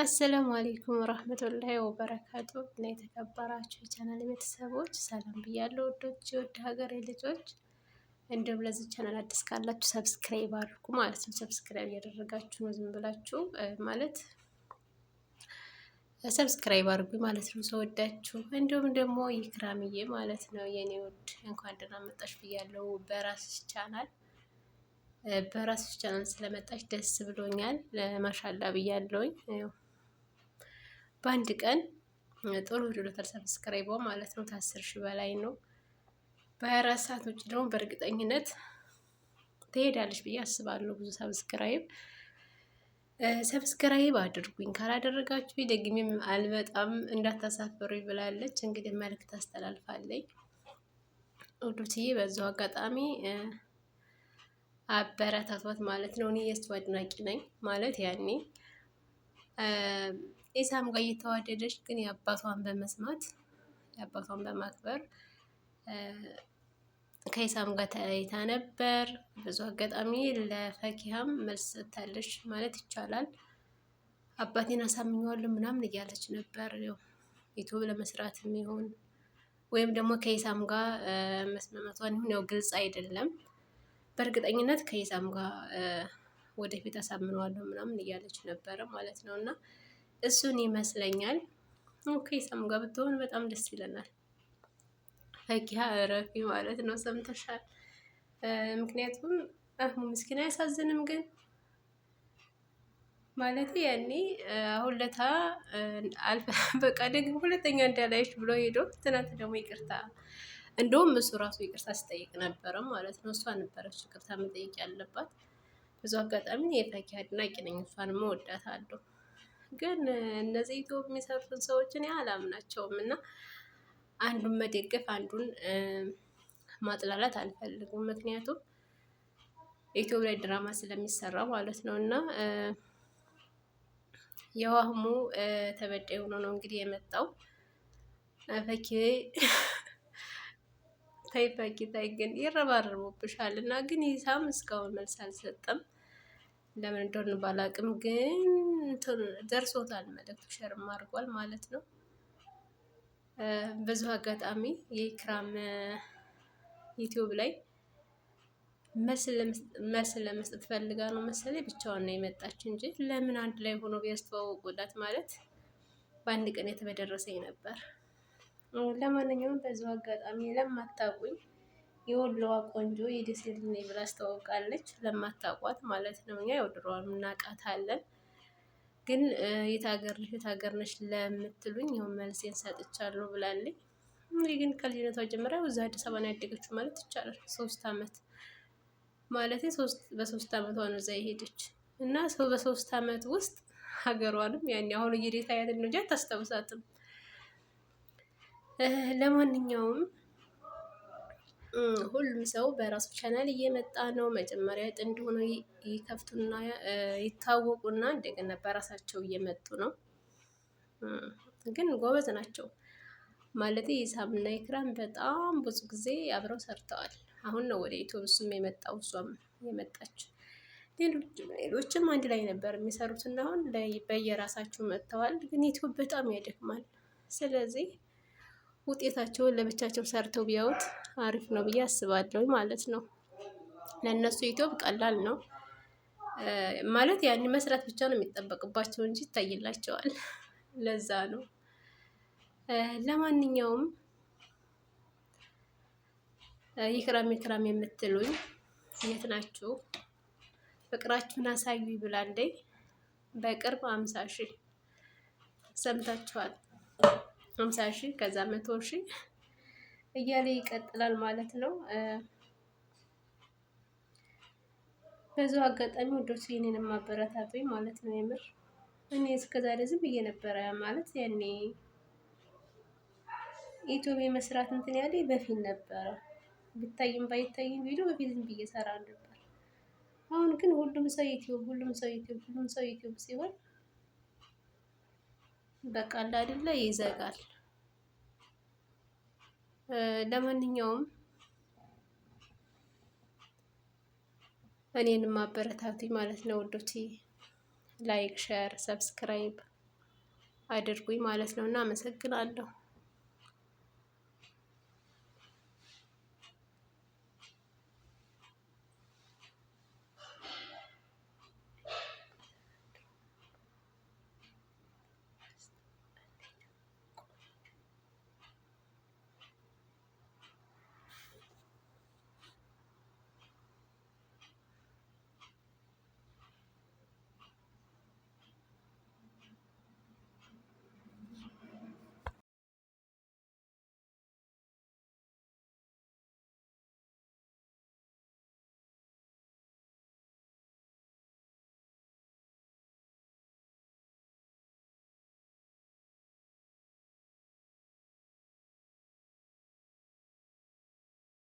አሰላሙ አሌይኩም ወረህመቱላሂ ወበረካቱ እና የተከበራችሁ የቻናል ቤተሰቦች ሰላም ብያለሁ። ወዶች የወድ ሀገሬ ልጆች እንዲሁም ለዚህ ቻናል አዲስ ካላችሁ ሰብስክራይብ አድርጉ ማለት ነው። ሰብስክራይብ እያደረጋችሁ ነው ዝም ብላችሁ ማለት ሰብስክራይብ አድርጉ ማለት ነው። ሰወዳችሁ እንዲሁም ደግሞ ይክራምዬ ማለት ነው የኔ ውድ እንኳን ደህና መጣሽ ብያለሁ። በራስሽ ቻናል በራስሽ ቻናል ስለመጣሽ ደስ ብሎኛል። ማሻላ ብያለሁኝ። በአንድ ቀን ጥሩ ሂዶሎታል ሰብስክራይበው ማለት ነው። ታስር ሺህ በላይ ነው። በ24 ሰዓት ውጭ ደግሞ በእርግጠኝነት ትሄዳለች ብዬ አስባለሁ። ብዙ ሰብስክራይብ ሰብስክራይብ አድርጉኝ ካላደረጋችሁ ደግሜም አልመጣም እንዳታሳፈሩኝ ብላለች። እንግዲህ መልዕክት አስተላልፋለኝ። ውዱትዬ በዛው አጋጣሚ አበረታቷት ማለት ነው። እኔ የእሱ አድናቂ ነኝ ማለት ያኔ ኢሳም ጋር እየተዋደደች ግን የአባቷን በመስማት የአባቷን በማክበር ከኢሳም ጋር ተለያይታ ነበር። ብዙ አጋጣሚ ለፈኪሃም መልስ ሰጥታለች ማለት ይቻላል። አባቴን አሳምኘዋለሁ ምናምን እያለች ነበር። ያው ዩቱብ ለመስራት የሚሆን ወይም ደግሞ ከኢሳም ጋር መስማማቷን ይሁን ያው ግልጽ አይደለም። በእርግጠኝነት ከኢሳም ጋር ወደፊት አሳምነዋለሁ ምናምን እያለች ነበረ ማለት ነው እና እሱን ይመስለኛል። ኦኬ ሰም ጋር ብትሆን በጣም ደስ ይለናል። ፈኪሀ እረፊ ማለት ነው። ሰምተሻል? ምክንያቱም አህሙ ምስኪን አያሳዝንም ግን ማለት ያኔ አሁን ለታ በቃ ደግሞ ሁለተኛ እንዳላይሽ ብሎ ሄዶ ትናንት ደግሞ ይቅርታ እንደውም እሱ ራሱ ይቅርታ ሲጠይቅ ነበረ ማለት ነው። እሷ ነበረች ይቅርታ መጠየቅ ያለባት። ብዙ አጋጣሚ የፈኪሀ አድናቂ ነኝ፣ እሷን መወዳት አለው። ግን እነዚህ ኢትዮ የሚሰሩትን ሰዎችን እኔ አላምናቸውም እና አንዱን መደገፍ አንዱን ማጥላላት አልፈልግም። ምክንያቱም ኢትዮ ላይ ድራማ ስለሚሰራ ማለት ነው እና የዋህሙ ተበዳይ ሆኖ ነው እንግዲህ የመጣው። ፈኪ ታይ ፈኪ ታይ ግን ይረባረቡብሻል እና ግን ይሳም እስካሁን መልስ አልሰጠም። ለምን እንደሆነ ባላቅም ግን ደርሶታል መልእክቱ ሸርም አድርጓል ማለት ነው። በዚሁ አጋጣሚ የኢክራም ዩቲዩብ ላይ መልስ ለመስጠት ፈልጋ ነው መሰለኝ ብቻዋን ነው የመጣች እንጂ ለምን አንድ ላይ ሆኖ ቢያስተዋውቁላት ማለት በአንድ ቀን የተበደረሰኝ ነበር። ለማንኛውም በዚሁ አጋጣሚ ለማታውቁኝ የወሎዋ ቆንጆ የደሴ ልጅ ነኝ ብላ አስተዋውቃለች። ለማታውቋት ማለት ነው። እኛ ያው ድሮዋን እናውቃታለን፣ ግን የት ሀገር ልጅ የት ሀገር ነች ለምትሉኝ ያው መልሴን ሰጥቻለሁ ብላለኝ። ይህ ግን ከልጅነቷ ጀምራ እዛ አዲስ አበባ ነው ያደገችው ማለት ይቻላል። ሶስት አመት ማለት በሶስት አመቷ ነው እዛ የሄደች እና ሰው በሶስት አመት ውስጥ ሀገሯንም ያን አሁን እየዴታ ያትን ነው እንጂ አታስታውሳትም። ለማንኛውም ሁሉም ሰው በራሱ ቻናል እየመጣ ነው። መጀመሪያ ጥንድ ሆኖ ይከፍቱና ይታወቁና እንደገና በራሳቸው እየመጡ ነው። ግን ጎበዝ ናቸው ማለት ኢሳምና ኢክራም በጣም ብዙ ጊዜ አብረው ሰርተዋል። አሁን ነው ወደ ኢትዮ ብሱም የመጣው እሷም የመጣች ሌሎችም አንድ ላይ ነበር የሚሰሩትና አሁን በየራሳቸው መጥተዋል። ግን ኢትዮ በጣም ያደክማል። ስለዚህ ውጤታቸውን ለብቻቸው ሰርተው ቢያዩት አሪፍ ነው ብዬ አስባለሁ ማለት ነው። ለእነሱ ዩቲዩብ ቀላል ነው ማለት ያን መስራት ብቻ ነው የሚጠበቅባቸው እንጂ ይታይላቸዋል። ለዛ ነው። ለማንኛውም ይክራም ይክራም የምትሉኝ የት ናችሁ? ፍቅራችሁን አሳዩ ብላለኝ። በቅርብ አምሳ ሺህ ሰምታችኋል። ሀምሳ ሺህ ከዛ መቶ ሺ እያለ ይቀጥላል ማለት ነው። በዚሁ አጋጣሚ ወዶች የኔንም ማበረታቱኝ ማለት ነው። የምር እኔ እስከዛሬ ዝም ብዬ ነበረ ማለት ያኔ ኢትዮጵያ መስራት እንትን ያለ በፊት ነበረ ብታይም ባይታይም ቪዲዮ በፊት ዝም ብዬ ሰራ ነበር። አሁን ግን ሁሉም ሰው ዩቲዩብ ሁሉም ሰው ዩቲዩብ ሁሉም ሰው ዩቲዩብ ሲሆን በቃ አይደለ ይዘጋል። ለማንኛውም እኔንም አበረታቱኝ ማለት ነው ውዶቼ፣ ላይክ፣ ሼር፣ ሰብስክራይብ አድርጉኝ ማለት ነው እና አመሰግናለሁ።